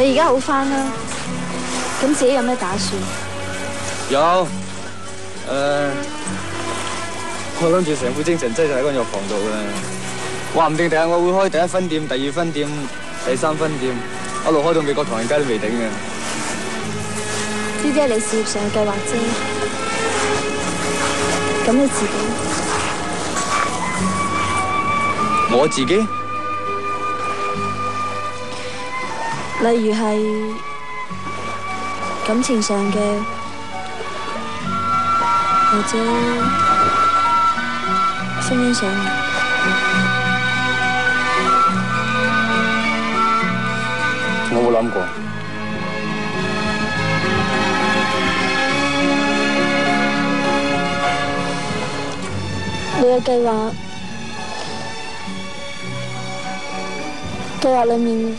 你而家好翻啦，咁自己有咩打算？有，誒、呃，我諗住成副精神真係喺個藥房度嘅，話唔定第日我會開第一分店、第二分店、第三分店，一路開到美國唐人街都未定嘅。呢啲係你事業上嘅計劃啫，咁你自己？我自己？例如係感情上嘅，或者婚姻上嘅，我冇諗過。你嘅計劃，計劃裏面。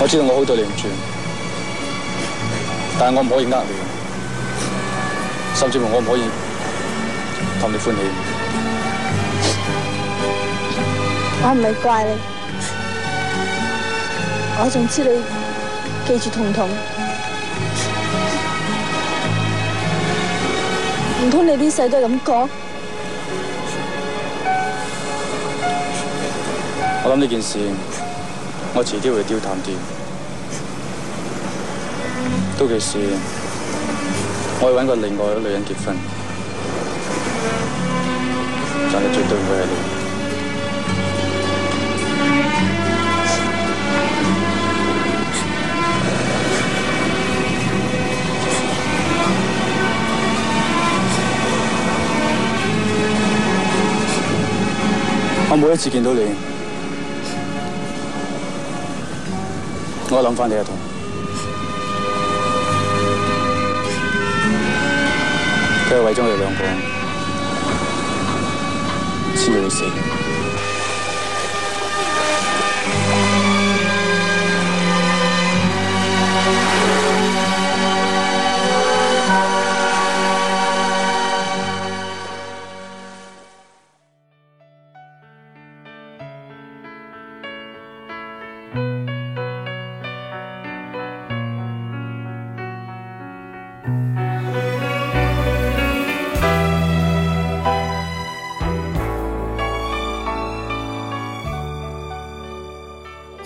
我知道我好對你唔住，但係我唔可以呃你，甚至乎我唔可以同你歡喜。我唔係怪你，我仲知你記住彤彤，唔通你邊世都係咁講？我諗呢件事。我遲啲會掉淡啲，到時我去揾個另外一個女人結婚，但係絕對唔會係你。我每一次見到你，諗翻你阿彤，佢係為咗我哋兩個人先至會死。